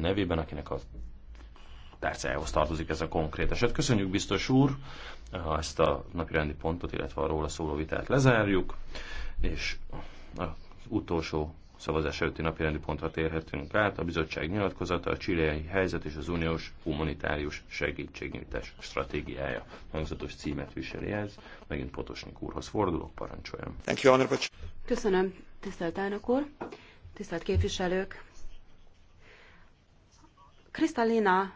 nevében, akinek a tárcájához tartozik ez a konkrét eset. Köszönjük biztos úr, ha ezt a napirendi pontot, illetve a róla szóló vitát lezárjuk, és az utolsó szavazás előtti napirendi pontra térhetünk át, a bizottság nyilatkozata, a csileai helyzet és az uniós humanitárius segítségnyújtás stratégiája. Hangzatos címet viseli ez. Megint Potosnik úrhoz fordulok, parancsoljam. Köszönöm, tisztelt elnök úr, tisztelt képviselők, Kristalina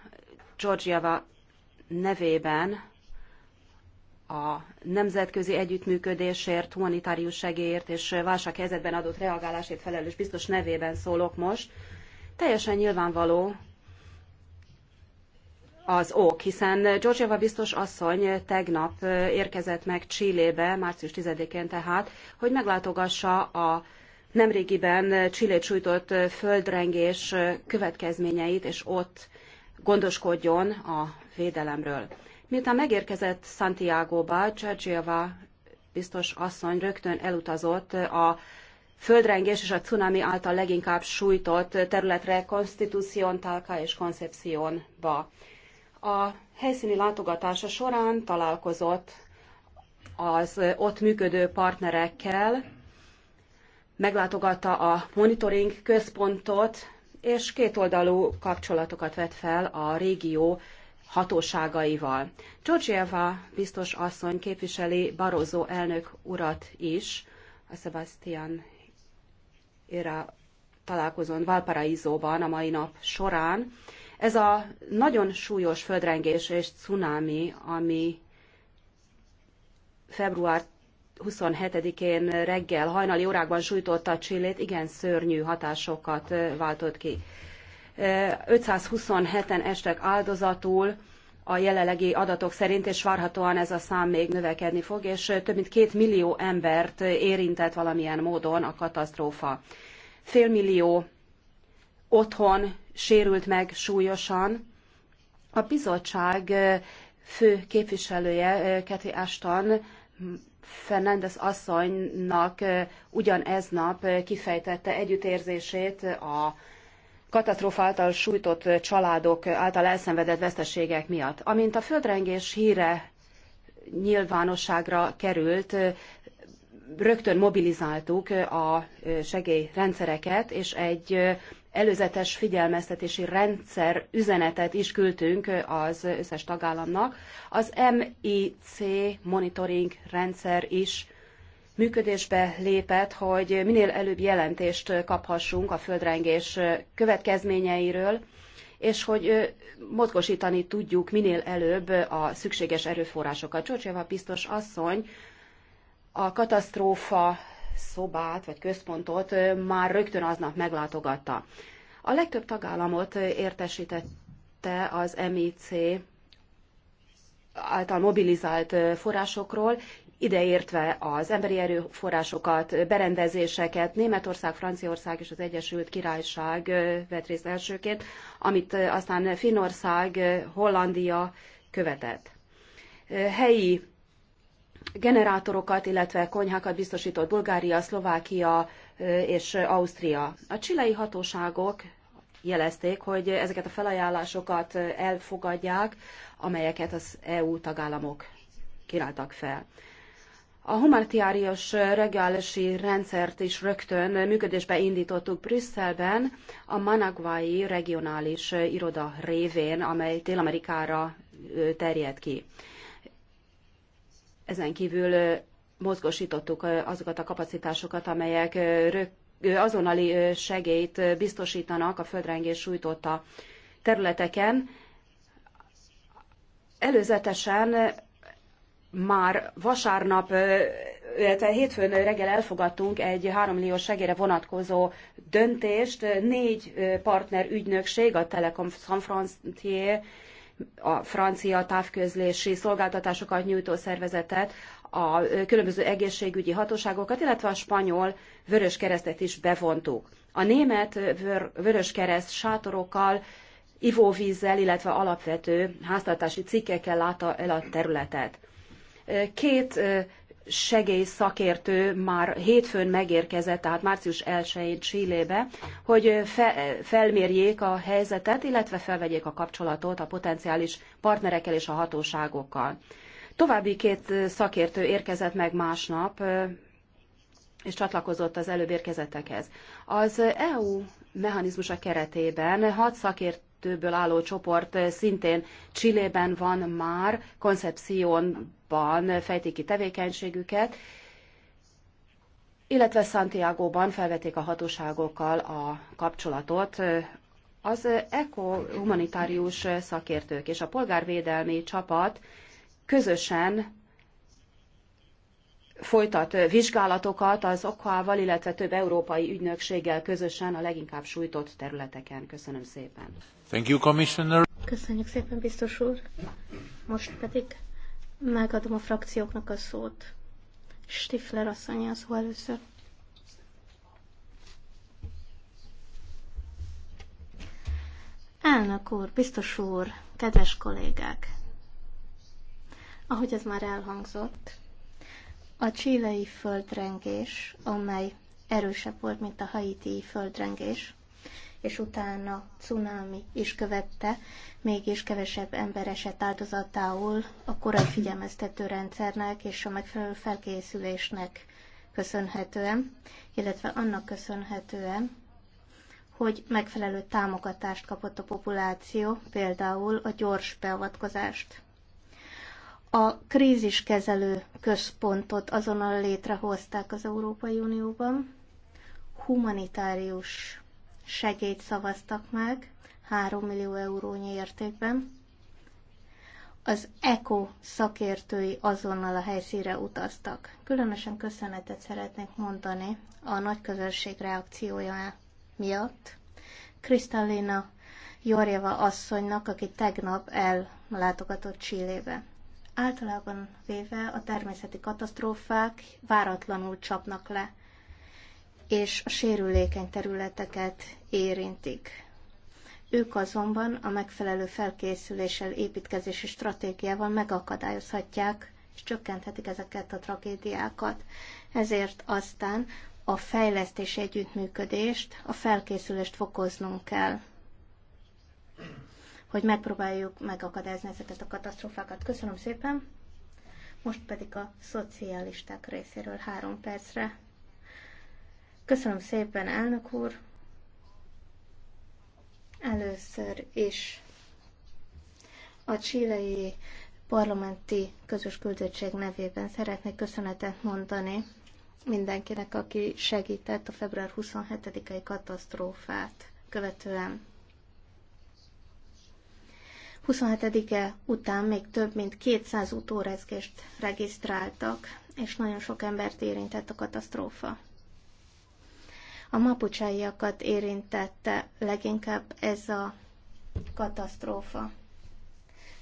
Georgieva nevében a nemzetközi együttműködésért, humanitárius segélyért és válsághelyzetben adott reagálásért felelős biztos nevében szólok most. Teljesen nyilvánvaló az ok, hiszen Georgieva biztos asszony tegnap érkezett meg Csillébe, március 10-én tehát, hogy meglátogassa a nemrégiben chilét sújtott földrengés következményeit, és ott gondoskodjon a védelemről. Miután megérkezett Santiago-ba, Csercsiava biztos asszony rögtön elutazott a földrengés és a cunami által leginkább sújtott területre, Constitución, Talca és Concepciónba. A helyszíni látogatása során találkozott az ott működő partnerekkel, meglátogatta a monitoring központot, és kétoldalú kapcsolatokat vett fel a régió hatóságaival. Georgieva biztos asszony képviseli Barozó elnök urat is, a Sebastian Ira találkozón Valparaízóban a mai nap során. Ez a nagyon súlyos földrengés és cunami, ami február 27-én reggel hajnali órákban sújtotta Csillét, igen szörnyű hatásokat váltott ki. 527-en estek áldozatul a jelenlegi adatok szerint, és várhatóan ez a szám még növekedni fog, és több mint két millió embert érintett valamilyen módon a katasztrófa. Félmillió otthon sérült meg súlyosan. A bizottság fő képviselője, Keti Ashton Fernández asszonynak ugyanez nap kifejtette együttérzését a katasztrófa által sújtott családok által elszenvedett veszteségek miatt. Amint a földrengés híre nyilvánosságra került, rögtön mobilizáltuk a segélyrendszereket, és egy előzetes figyelmeztetési rendszer üzenetet is küldtünk az összes tagállamnak. Az MIC monitoring rendszer is működésbe lépett, hogy minél előbb jelentést kaphassunk a földrengés következményeiről, és hogy mozgosítani tudjuk minél előbb a szükséges erőforrásokat. Csorcsiava biztos asszony a katasztrófa szobát vagy központot már rögtön aznap meglátogatta. A legtöbb tagállamot értesítette az MIC által mobilizált forrásokról, ideértve az emberi erőforrásokat, berendezéseket, Németország, Franciaország és az Egyesült Királyság vett részt elsőként, amit aztán Finnország, Hollandia követett. Helyi generátorokat, illetve konyhákat biztosított Bulgária, Szlovákia és Ausztria. A csilei hatóságok jelezték, hogy ezeket a felajánlásokat elfogadják, amelyeket az EU tagállamok kínáltak fel. A humanitárius regálási rendszert is rögtön működésbe indítottuk Brüsszelben, a Managvai regionális iroda révén, amely Dél-Amerikára terjed ki. Ezen kívül mozgosítottuk azokat a kapacitásokat, amelyek azonnali segélyt biztosítanak a földrengés sújtotta területeken. Előzetesen már vasárnap, illetve hétfőn reggel elfogadtunk egy 3 millió segélyre vonatkozó döntést. Négy partner ügynökség, a Telekom San Frontier, a francia távközlési szolgáltatásokat nyújtó szervezetet, a különböző egészségügyi hatóságokat, illetve a spanyol vörös keresztet is bevontuk. A német vörös kereszt sátorokkal, ivóvízzel, illetve alapvető háztartási cikkekkel látta el a területet. Két segélyszakértő már hétfőn megérkezett, tehát március 1-én Csillébe, hogy fe, felmérjék a helyzetet, illetve felvegyék a kapcsolatot a potenciális partnerekkel és a hatóságokkal. További két szakértő érkezett meg másnap, és csatlakozott az előbb érkezettekhez. Az EU mechanizmusa keretében hat szakértőből álló csoport szintén Csillében van már, Concepción Kongóban fejtik ki tevékenységüket, illetve Santiago-ban felvették a hatóságokkal a kapcsolatot. Az ECO humanitárius szakértők és a polgárvédelmi csapat közösen folytat vizsgálatokat az okával, illetve több európai ügynökséggel közösen a leginkább sújtott területeken. Köszönöm szépen. Thank you, Commissioner. Köszönjük szépen, biztos úr. Most pedig Megadom a frakcióknak a szót. Stifler asszony az szó először. Elnök úr, biztos úr, kedves kollégák! Ahogy ez már elhangzott, a csilei földrengés, amely erősebb volt, mint a haiti földrengés, és utána cunami is követte, mégis kevesebb ember esett áldozatául a korai figyelmeztető rendszernek és a megfelelő felkészülésnek köszönhetően, illetve annak köszönhetően, hogy megfelelő támogatást kapott a populáció, például a gyors beavatkozást. A kríziskezelő központot azonnal létrehozták az Európai Unióban, humanitárius segélyt szavaztak meg, 3 millió eurónyi értékben. Az ECO szakértői azonnal a helyszínre utaztak. Különösen köszönetet szeretnék mondani a nagy közösség reakciója miatt. Kristalina Jorjeva asszonynak, aki tegnap ellátogatott Csillébe. Általában véve a természeti katasztrófák váratlanul csapnak le és a sérülékeny területeket érintik. Ők azonban a megfelelő felkészüléssel, építkezési stratégiával megakadályozhatják és csökkenthetik ezeket a tragédiákat. Ezért aztán a fejlesztési együttműködést, a felkészülést fokoznunk kell, hogy megpróbáljuk megakadályozni ezeket a katasztrófákat. Köszönöm szépen! Most pedig a szocialisták részéről három percre. Köszönöm szépen, elnök úr. Először is a csilei parlamenti közös küldöttség nevében szeretnék köszönetet mondani mindenkinek, aki segített a február 27-i katasztrófát követően. 27-e után még több mint 200 utórezgést regisztráltak, és nagyon sok embert érintett a katasztrófa. A mapucsáiakat érintette leginkább ez a katasztrófa.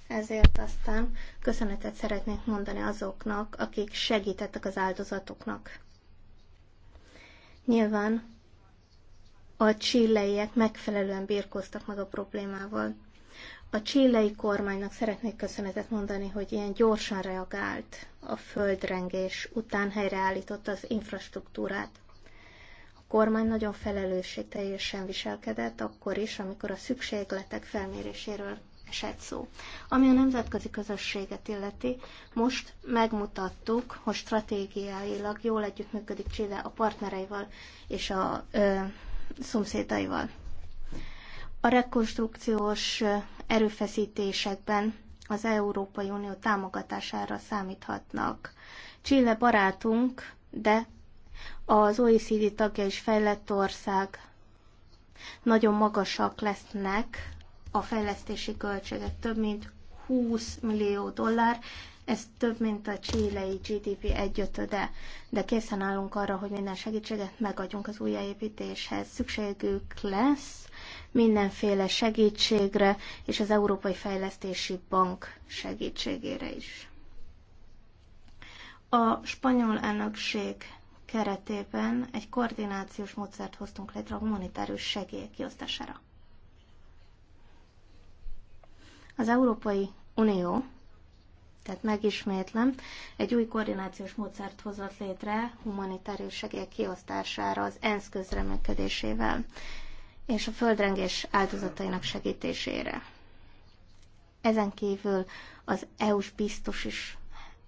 Ezért aztán köszönetet szeretnék mondani azoknak, akik segítettek az áldozatoknak. Nyilván a csilleiek megfelelően birkóztak meg a problémával. A csillei kormánynak szeretnék köszönetet mondani, hogy ilyen gyorsan reagált a földrengés után helyreállította az infrastruktúrát kormány nagyon felelősségteljesen viselkedett, akkor is, amikor a szükségletek felméréséről esett szó. Ami a nemzetközi közösséget illeti, most megmutattuk, hogy stratégiailag jól együttműködik Csile a partnereivel és a ö, szomszédaival. A rekonstrukciós erőfeszítésekben az Európai Unió támogatására számíthatnak. Csille barátunk, de az OECD tagja és fejlett ország nagyon magasak lesznek a fejlesztési költségek, több mint 20 millió dollár, ez több, mint a csilei GDP egyötöde, de készen állunk arra, hogy minden segítséget megadjunk az újjáépítéshez. Szükségük lesz mindenféle segítségre, és az Európai Fejlesztési Bank segítségére is. A spanyol elnökség keretében egy koordinációs módszert hoztunk létre a humanitárius segély kiosztására. Az Európai Unió, tehát megismétlem, egy új koordinációs módszert hozott létre humanitárius segély kiosztására az ENSZ közreműködésével és a földrengés áldozatainak segítésére. Ezen kívül az EU-s biztos is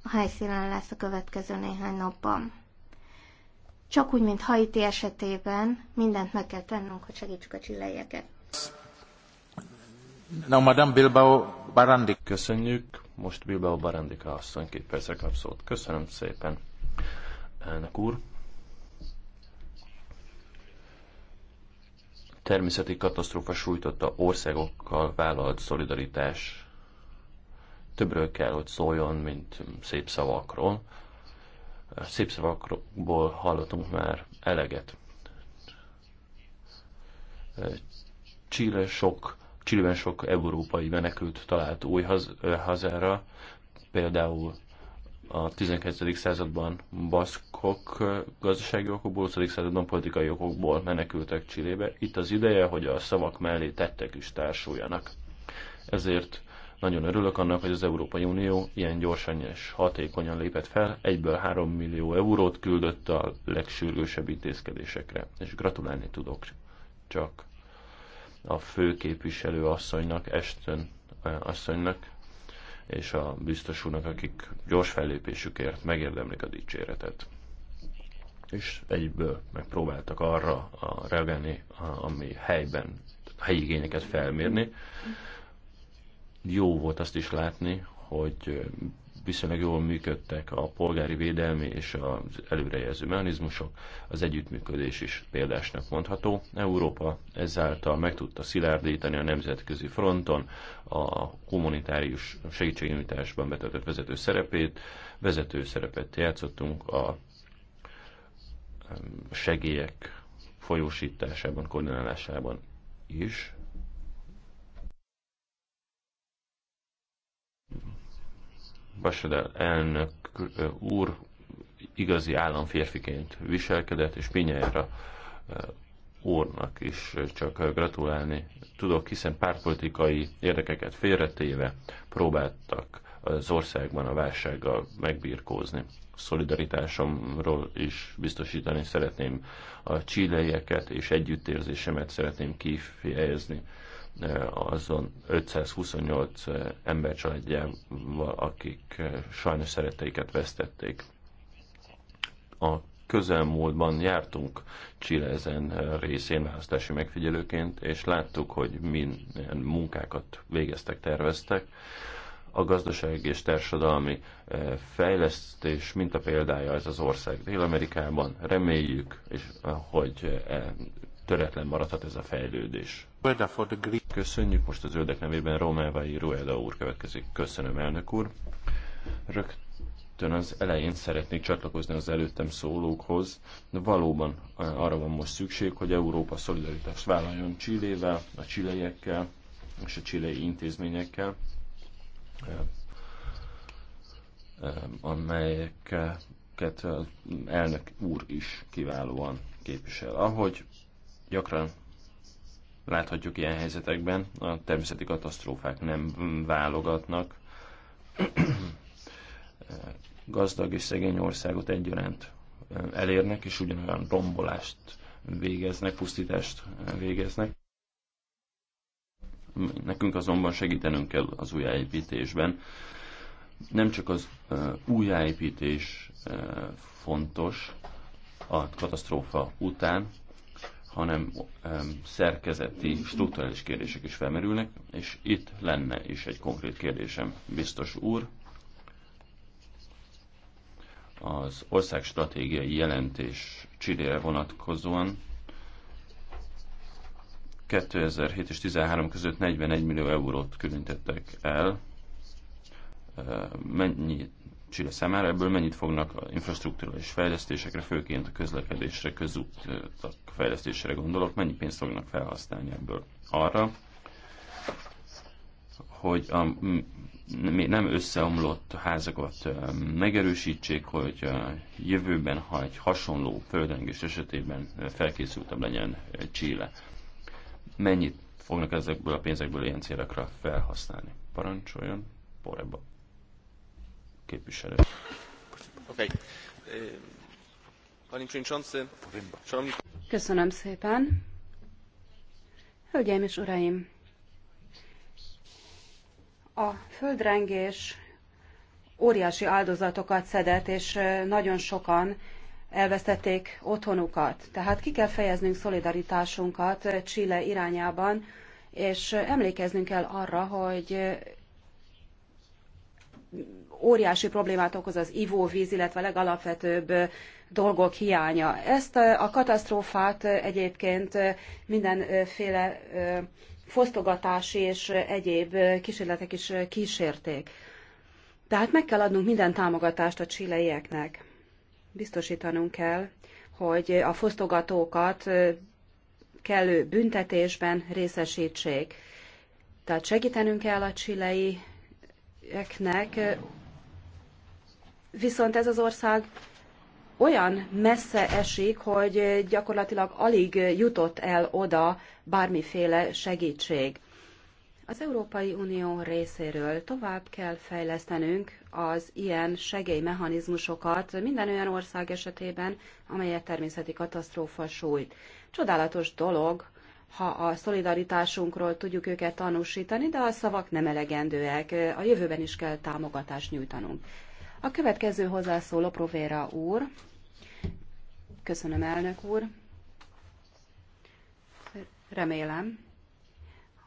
a helyszínen lesz a következő néhány napban. Csak úgy, mint Haiti esetében mindent meg kell tennünk, hogy segítsük a csilleieket. Na, Madame Bilbao Barandik. Köszönjük. Most Bilbao Barandika asszony két percre kap szót. Köszönöm szépen. Elnök úr. Természeti katasztrófa sújtotta országokkal vállalt szolidaritás többről kell, hogy szóljon, mint szép szavakról szép szavakból hallottunk már eleget. Chile sok, Chileben sok európai menekült talált új haz, hazára, például a 19. században baszkok gazdasági okokból, 20. században politikai okokból menekültek Csillébe. Itt az ideje, hogy a szavak mellé tettek is társuljanak. Ezért nagyon örülök annak, hogy az Európai Unió ilyen gyorsan és hatékonyan lépett fel, egyből 3 millió eurót küldött a legsürgősebb intézkedésekre, és gratulálni tudok csak a főképviselő asszonynak, Eston asszonynak, és a biztos úrnak, akik gyors fellépésükért megérdemlik a dicséretet. És egyből megpróbáltak arra a reagálni, ami helyben helyi igényeket felmérni jó volt azt is látni, hogy viszonylag jól működtek a polgári védelmi és az előrejelző mechanizmusok, az együttműködés is példásnak mondható. Európa ezáltal meg tudta szilárdítani a nemzetközi fronton a kommunitárius segítségnyújtásban betöltött vezető szerepét, vezető szerepet játszottunk a segélyek folyósításában, koordinálásában is, Basadel elnök úr igazi államférfiként viselkedett, és Pinyájra úrnak is csak gratulálni tudok, hiszen pártpolitikai érdekeket félretéve próbáltak az országban a válsággal megbirkózni. Szolidaritásomról is biztosítani szeretném a csíleieket, és együttérzésemet szeretném kifejezni Eh, azon 528 eh, ember családjával, akik eh, sajnos szeretteiket vesztették. A közelmúltban jártunk Chile ezen részén választási megfigyelőként, és láttuk, hogy milyen munkákat végeztek, terveztek. A gazdaság és társadalmi fejlesztés mint példája ez az ország Dél-Amerikában. Reméljük, és hogy töretlen maradhat ez a fejlődés. Köszönjük most az zöldek nevében Romávai Rueda úr következik. Köszönöm, elnök úr. Rögtön az elején szeretnék csatlakozni az előttem szólókhoz. De valóban eh, arra van most szükség, hogy Európa szolidaritást vállaljon Csillével, a csileiekkel és a csilei intézményekkel, eh, eh, amelyeket elnök úr is kiválóan képvisel. Ahogy Gyakran láthatjuk ilyen helyzetekben, a természeti katasztrófák nem válogatnak. Gazdag és szegény országot egyaránt elérnek, és ugyanolyan rombolást végeznek, pusztítást végeznek. Nekünk azonban segítenünk kell az újjáépítésben. Nem csak az újjáépítés fontos a katasztrófa után, hanem szerkezeti, struktúrális kérdések is felmerülnek, és itt lenne is egy konkrét kérdésem, biztos úr. Az ország stratégiai jelentés csidére vonatkozóan 2007 és 2013 között 41 millió eurót különítettek el. Mennyit Csile számára, ebből mennyit fognak infrastruktúrális fejlesztésekre, főként a közlekedésre, közút fejlesztésre gondolok, mennyi pénzt fognak felhasználni ebből arra, hogy a nem összeomlott házakat megerősítsék, hogy a jövőben, ha egy hasonló földrengés esetében felkészültebb legyen Csile. Mennyit fognak ezekből a pénzekből ilyen célokra felhasználni? Parancsoljon, Poreba képviselő. Köszönöm szépen. Hölgyeim és uraim! A földrengés óriási áldozatokat szedett, és nagyon sokan elvesztették otthonukat. Tehát ki kell fejeznünk szolidaritásunkat Chile irányában, és emlékeznünk kell arra, hogy óriási problémát okoz az ivóvíz, illetve a legalapvetőbb dolgok hiánya. Ezt a katasztrófát egyébként mindenféle fosztogatási és egyéb kísérletek is kísérték. Tehát meg kell adnunk minden támogatást a csileieknek. Biztosítanunk kell, hogy a fosztogatókat kellő büntetésben részesítsék. Tehát segítenünk kell a csilei eknek viszont ez az ország olyan messze esik, hogy gyakorlatilag alig jutott el oda bármiféle segítség. Az Európai Unió részéről tovább kell fejlesztenünk az ilyen segélymechanizmusokat minden olyan ország esetében, amelyet természeti katasztrófa sújt. Csodálatos dolog, ha a szolidaritásunkról tudjuk őket tanúsítani, de a szavak nem elegendőek, a jövőben is kell támogatást nyújtanunk. A következő hozzászóló Provéra úr. Köszönöm, elnök úr. Remélem,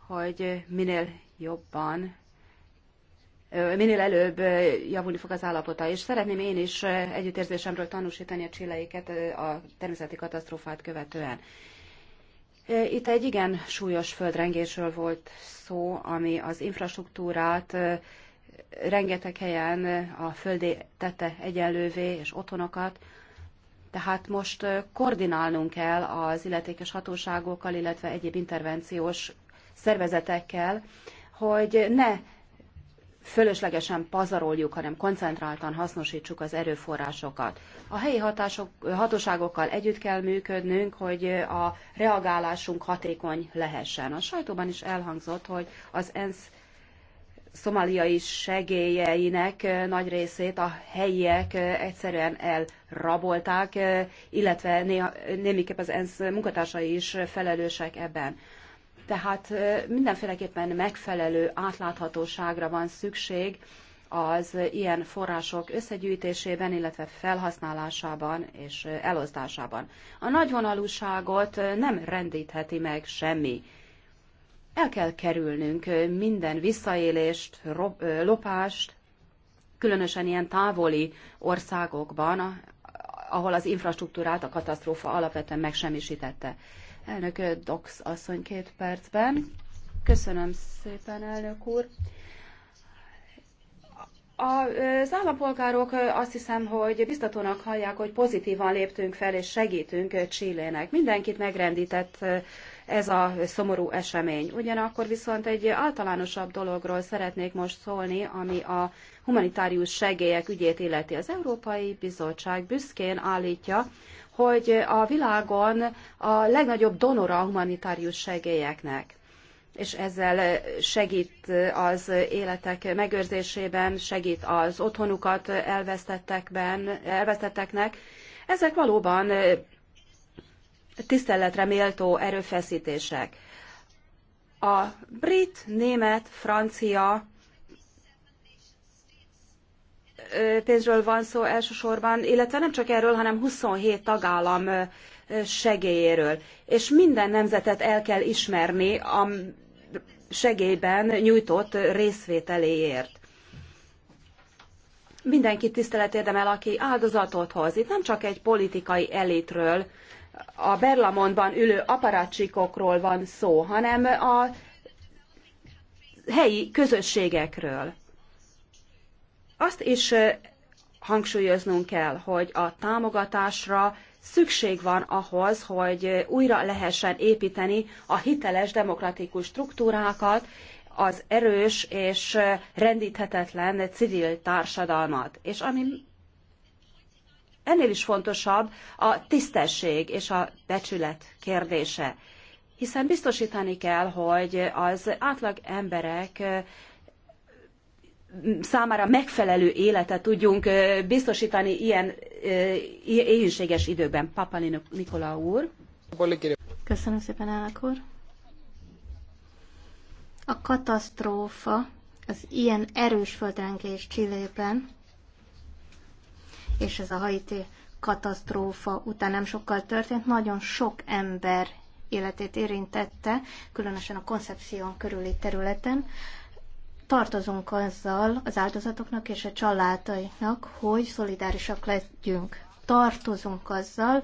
hogy minél jobban, minél előbb javulni fog az állapota, és szeretném én is együttérzésemről tanúsítani a csilleiket a természeti katasztrófát követően. Itt egy igen súlyos földrengésről volt szó, ami az infrastruktúrát, rengeteg helyen a földi tette egyenlővé és otthonokat, tehát most koordinálnunk kell az illetékes hatóságokkal, illetve egyéb intervenciós szervezetekkel, hogy ne fölöslegesen pazaroljuk, hanem koncentráltan hasznosítsuk az erőforrásokat. A helyi hatások, hatóságokkal együtt kell működnünk, hogy a reagálásunk hatékony lehessen. A sajtóban is elhangzott, hogy az ENSZ szomaliai segélyeinek eh, nagy részét a helyiek eh, egyszerűen elrabolták, eh, illetve néha, némiképp az ENSZ munkatársai is felelősek ebben. Tehát mindenféleképpen megfelelő átláthatóságra van szükség az ilyen források összegyűjtésében, illetve felhasználásában és elosztásában. A nagyvonalúságot nem rendítheti meg semmi el kell kerülnünk minden visszaélést, lopást, különösen ilyen távoli országokban, ahol az infrastruktúrát a katasztrófa alapvetően megsemmisítette. Elnök Dox asszony két percben. Köszönöm szépen, elnök úr. Az állampolgárok azt hiszem, hogy biztatónak hallják, hogy pozitívan léptünk fel és segítünk Csillének. Mindenkit megrendített ez a szomorú esemény. Ugyanakkor viszont egy általánosabb dologról szeretnék most szólni, ami a humanitárius segélyek ügyét illeti. Az Európai Bizottság büszkén állítja, hogy a világon a legnagyobb donora a humanitárius segélyeknek és ezzel segít az életek megőrzésében, segít az otthonukat elvesztettekben, elvesztetteknek. Ezek valóban tiszteletre méltó erőfeszítések. A brit, német, francia pénzről van szó elsősorban, illetve nem csak erről, hanem 27 tagállam segélyéről. És minden nemzetet el kell ismerni a segélyben nyújtott részvételéért. Mindenki tisztelet érdemel, aki áldozatot hoz. Itt nem csak egy politikai elitről a Berlamontban ülő aparátcsikokról van szó, hanem a helyi közösségekről. Azt is hangsúlyoznunk kell, hogy a támogatásra szükség van ahhoz, hogy újra lehessen építeni a hiteles demokratikus struktúrákat, az erős és rendíthetetlen civil társadalmat. És ami ennél is fontosabb a tisztesség és a becsület kérdése. Hiszen biztosítani kell, hogy az átlag emberek számára megfelelő életet tudjunk biztosítani ilyen éhénységes időben. Papa Nikola úr. Köszönöm szépen, Állak úr. A katasztrófa az ilyen erős földrengés Csillében és ez a haiti katasztrófa után nem sokkal történt, nagyon sok ember életét érintette, különösen a koncepción körüli területen. Tartozunk azzal az áldozatoknak és a családainak, hogy szolidárisak legyünk. Tartozunk azzal,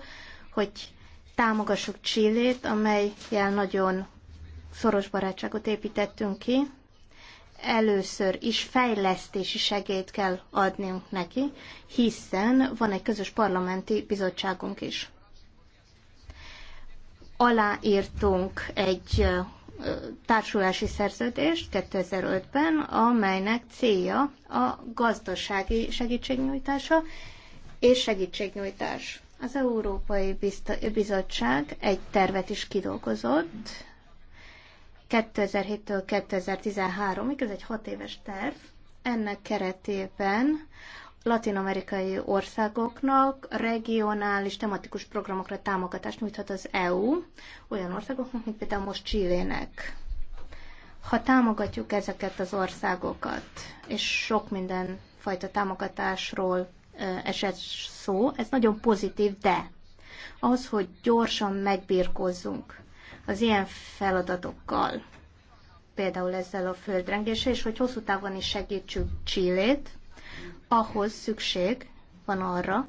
hogy támogassuk Csillét, amelyel nagyon szoros barátságot építettünk ki, először is fejlesztési segélyt kell adnunk neki, hiszen van egy közös parlamenti bizottságunk is. Aláírtunk egy társulási szerződést 2005-ben, amelynek célja a gazdasági segítségnyújtása és segítségnyújtás. Az Európai Bizottság egy tervet is kidolgozott, 2007-től 2013-ig, ez egy hat éves terv. Ennek keretében latin-amerikai országoknak regionális tematikus programokra támogatást nyújthat az EU, olyan országoknak, mint például most Csillének. Ha támogatjuk ezeket az országokat, és sok minden fajta támogatásról esett szó, ez nagyon pozitív, de ahhoz, hogy gyorsan megbírkozzunk, az ilyen feladatokkal, például ezzel a földrengéssel, és hogy hosszú távon is segítsük Csillét, ahhoz szükség van arra,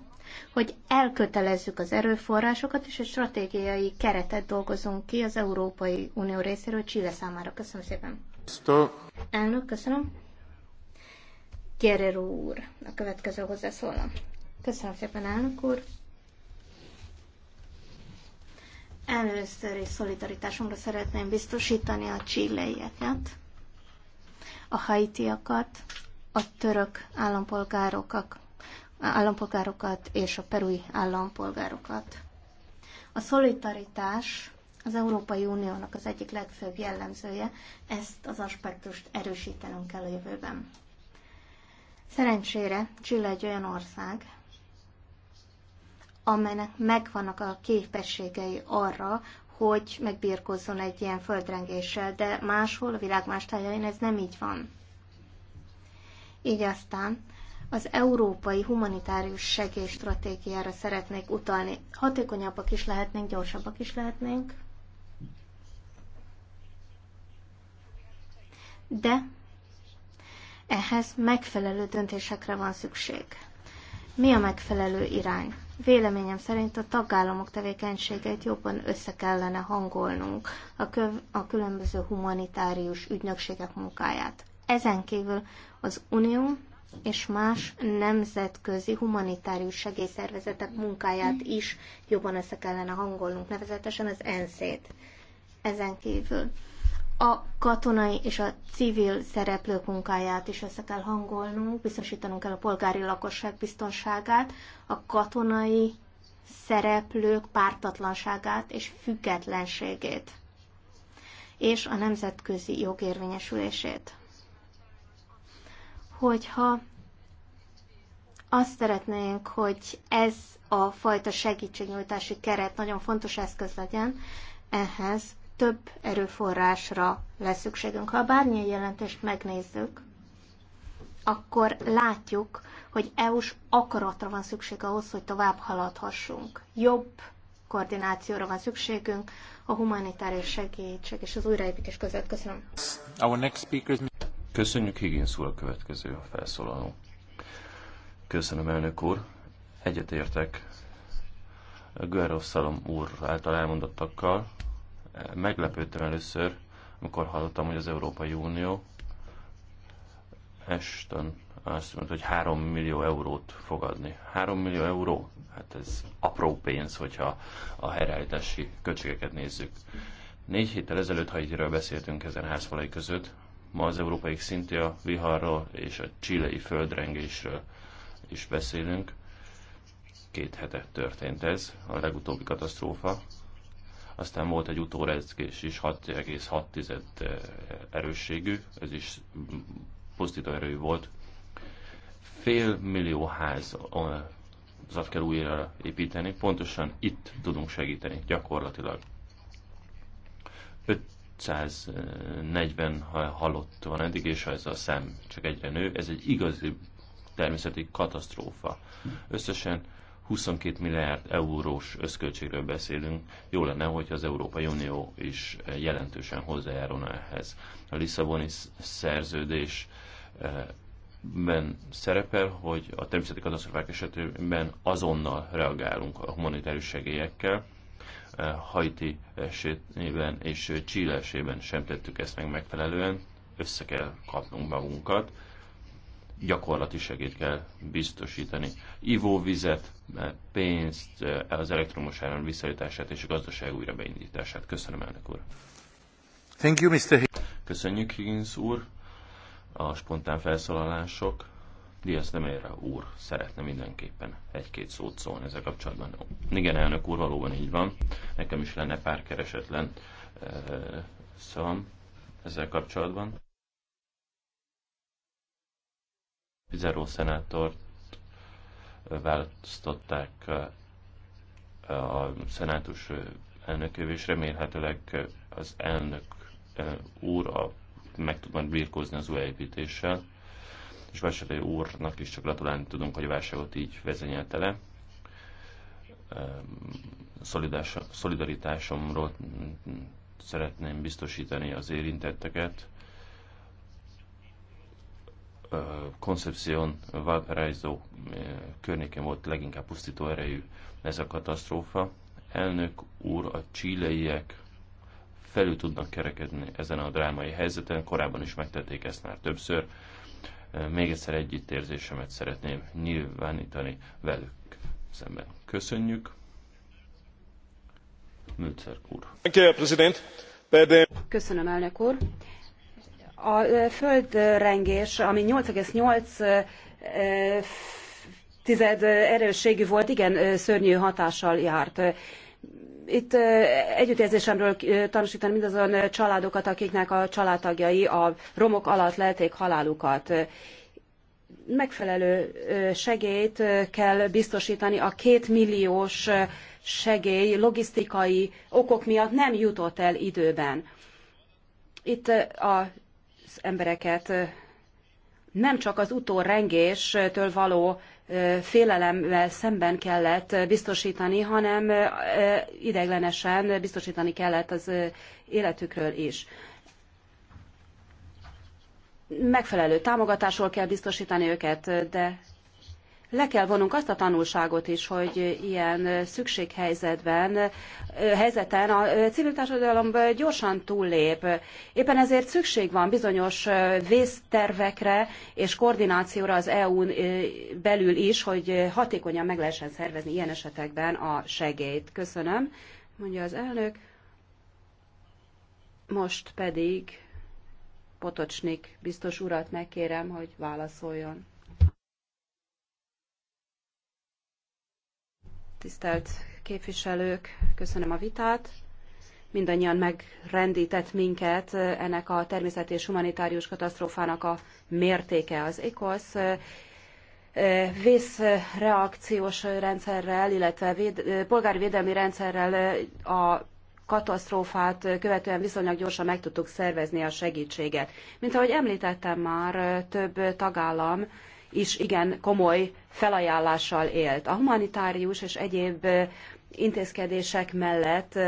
hogy elkötelezzük az erőforrásokat, és egy stratégiai keretet dolgozunk ki az Európai Unió részéről Csile számára. Köszönöm szépen. Stop. Elnök, köszönöm. Guerrero úr, a következő hozzászólna. Köszönöm szépen, elnök úr. Először is szolidaritásunkra szeretném biztosítani a csilleieket, a haitiakat, a török állampolgárokat, állampolgárokat és a perui állampolgárokat. A szolidaritás az Európai Uniónak az egyik legfőbb jellemzője, ezt az aspektust erősítenünk kell a jövőben. Szerencsére Chile egy olyan ország, amelynek megvannak a képességei arra, hogy megbírkozzon egy ilyen földrengéssel, de máshol, a világ más tájain ez nem így van. Így aztán az európai humanitárius segélystratégiára szeretnék utalni. Hatékonyabbak is lehetnénk, gyorsabbak is lehetnénk, de ehhez megfelelő döntésekre van szükség. Mi a megfelelő irány? Véleményem szerint a tagállamok tevékenységeit jobban össze kellene hangolnunk a, köv- a különböző humanitárius ügynökségek munkáját. Ezen kívül az Unió és más nemzetközi humanitárius segélyszervezetek munkáját is jobban össze kellene hangolnunk, nevezetesen az ENSZ-ét. Ezen kívül a katonai és a civil szereplők munkáját is össze kell hangolnunk, biztosítanunk kell a polgári lakosság biztonságát, a katonai szereplők pártatlanságát és függetlenségét, és a nemzetközi jogérvényesülését. Hogyha azt szeretnénk, hogy ez a fajta segítségnyújtási keret nagyon fontos eszköz legyen, ehhez több erőforrásra lesz szükségünk. Ha a bármilyen jelentést megnézzük, akkor látjuk, hogy EU-s akaratra van szükség ahhoz, hogy tovább haladhassunk. Jobb koordinációra van szükségünk a humanitárius segítség és az újraépítés között. Köszönöm. Our next speaker... Köszönjük Higgins úr a következő felszólaló. Köszönöm, elnök úr. Egyetértek Guerrero Szalom úr által elmondottakkal meglepődtem először, amikor hallottam, hogy az Európai Unió Eston azt mondta, hogy 3 millió eurót fogadni. 3 millió euró? Hát ez apró pénz, hogyha a helyreállítási költségeket nézzük. Négy héttel ezelőtt, ha ígyről beszéltünk ezen házfalai között, ma az európai szintű a viharról és a csilei földrengésről is beszélünk. Két hete történt ez, a legutóbbi katasztrófa. Aztán volt egy utórezgés is, 6,6 eh, erősségű, ez is pusztító erő volt. Fél millió ház házat eh, kell újra építeni, pontosan itt tudunk segíteni, gyakorlatilag. 540 halott van eddig, és ez a szem csak egyre nő. Ez egy igazi természeti katasztrófa. Összesen 22 milliárd eurós összköltségről beszélünk, jó lenne, hogy az Európai Unió is jelentősen hozzájárulna ehhez. A Lisszaboni szerződés eh, ben szerepel, hogy a természeti katasztrofák esetében azonnal reagálunk a humanitárius segélyekkel. Eh, Haiti esetében és Chile esetében sem tettük ezt meg megfelelően, össze kell kapnunk magunkat gyakorlati segélyt kell biztosítani. Ivóvizet, pénzt, az elektromos áram visszaállítását és a gazdaság újra beindítását. Köszönöm, elnök úr. Thank you, Mr. Köszönjük, Higgins úr. A spontán felszólalások. Diaz Demére úr szeretne mindenképpen egy-két szót szólni ezzel kapcsolatban. Igen, elnök úr, valóban így van. Nekem is lenne pár keresetlen eh, szavam ezzel kapcsolatban. Pizarro szenátort választották a szenátus elnökövé, és remélhetőleg az elnök úr a, meg tud majd birkózni az új építéssel, és Vásárlói úrnak is csak gratulálni tudunk, hogy a válságot így vezényelte le. Szolidaritásomról mm, mm, szeretném biztosítani az érintetteket, Concepción, Valparaiso környéken volt leginkább pusztító erejű ez a katasztrófa. Elnök úr, a csíleiek felül tudnak kerekedni ezen a drámai helyzeten, korábban is megtették ezt már többször. Még egyszer együttérzésemet szeretném nyilvánítani velük szemben. Köszönjük. Mülcer úr. Köszönöm, elnök úr a földrengés, ami 8,8 tized erősségű volt, igen szörnyű hatással járt. Itt együttérzésemről tanúsítani mindazon családokat, akiknek a családtagjai a romok alatt lelték halálukat. Megfelelő segélyt kell biztosítani a két milliós segély logisztikai okok miatt nem jutott el időben. Itt a az embereket nem csak az utórengéstől való félelemmel szemben kellett biztosítani, hanem ideiglenesen biztosítani kellett az életükről is. Megfelelő támogatásról kell biztosítani őket, de le kell vonunk azt a tanulságot is, hogy ilyen szükséghelyzetben, helyzeten a civil társadalom gyorsan túllép. Éppen ezért szükség van bizonyos vésztervekre és koordinációra az EU-n belül is, hogy hatékonyan meg lehessen szervezni ilyen esetekben a segélyt. Köszönöm, mondja az elnök. Most pedig Potocsnik biztos urat megkérem, hogy válaszoljon. tisztelt képviselők, köszönöm a vitát. Mindannyian megrendített minket ennek a természet és humanitárius katasztrófának a mértéke. Az ECOSZ vészreakciós rendszerrel, illetve véd, védelmi rendszerrel a katasztrófát követően viszonylag gyorsan meg tudtuk szervezni a segítséget. Mint ahogy említettem már, több tagállam is igen komoly felajánlással élt. A humanitárius és egyéb intézkedések mellett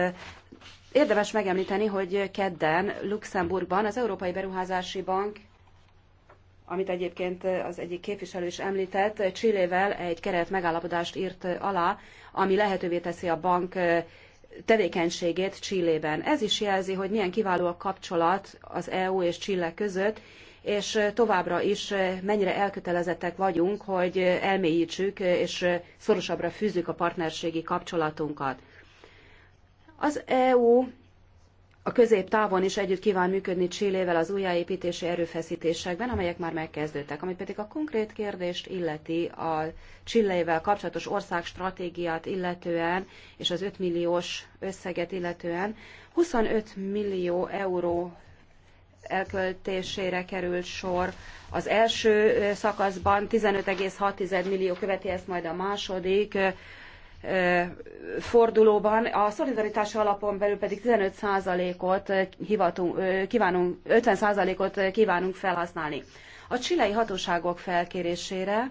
érdemes megemlíteni, hogy kedden Luxemburgban az Európai Beruházási Bank amit egyébként az egyik képviselő is említett, Csillével egy keret megállapodást írt alá, ami lehetővé teszi a bank tevékenységét Csillében. Ez is jelzi, hogy milyen kiváló a kapcsolat az EU és Csille között, és továbbra is mennyire elkötelezettek vagyunk, hogy elmélyítsük és szorosabbra fűzzük a partnerségi kapcsolatunkat. Az EU a középtávon is együtt kíván működni Csillével az újjáépítési erőfeszítésekben, amelyek már megkezdődtek. Ami pedig a konkrét kérdést illeti a Csillével kapcsolatos országstratégiát illetően, és az 5 milliós összeget illetően, 25 millió euró elköltésére került sor. Az első szakaszban 15,6 millió követi ezt majd a második fordulóban, a szolidaritási alapon belül pedig 15%-ot kívánunk, 50%-ot kívánunk felhasználni. A csilei hatóságok felkérésére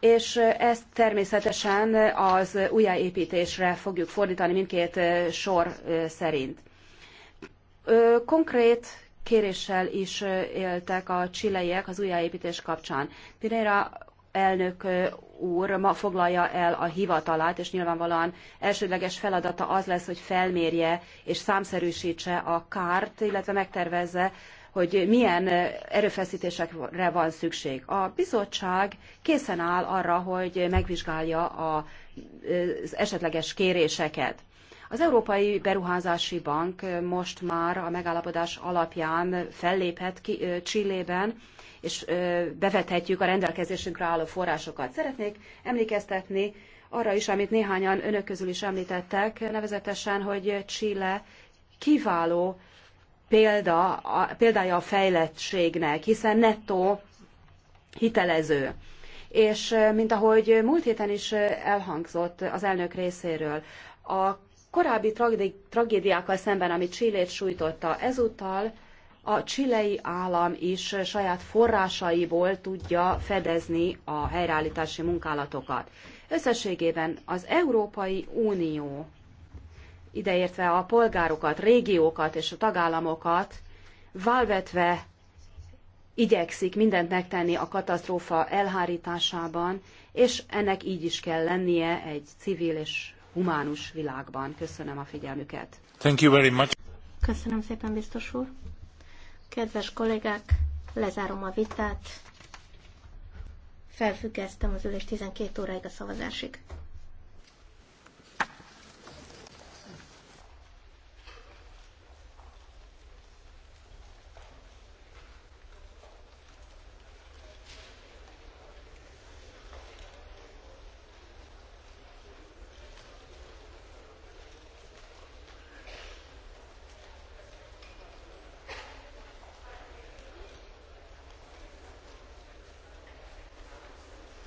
és ezt természetesen az újjáépítésre fogjuk fordítani mindkét sor szerint konkrét kéréssel is éltek a csileiek az újjáépítés kapcsán. Pireira elnök úr ma foglalja el a hivatalát, és nyilvánvalóan elsődleges feladata az lesz, hogy felmérje és számszerűsítse a kárt, illetve megtervezze, hogy milyen erőfeszítésekre van szükség. A bizottság készen áll arra, hogy megvizsgálja az esetleges kéréseket. Az Európai Beruházási Bank most már a megállapodás alapján felléphet ki, Csillében, és bevethetjük a rendelkezésünkre álló forrásokat. Szeretnék emlékeztetni arra is, amit néhányan önök közül is említettek, nevezetesen, hogy Chile kiváló példa, a, példája a fejlettségnek, hiszen nettó hitelező. És mint ahogy múlt héten is elhangzott az elnök részéről, a korábbi tragédiákkal szemben, amit Csillét sújtotta, ezúttal a csilei állam is saját forrásaiból tudja fedezni a helyreállítási munkálatokat. Összességében az Európai Unió, ideértve a polgárokat, régiókat és a tagállamokat, válvetve igyekszik mindent megtenni a katasztrófa elhárításában, és ennek így is kell lennie egy civil és humánus világban. Köszönöm a figyelmüket. Thank you very much. Köszönöm szépen, biztos úr. Kedves kollégák, lezárom a vitát. Felfüggesztem az ülést 12 óráig a szavazásig.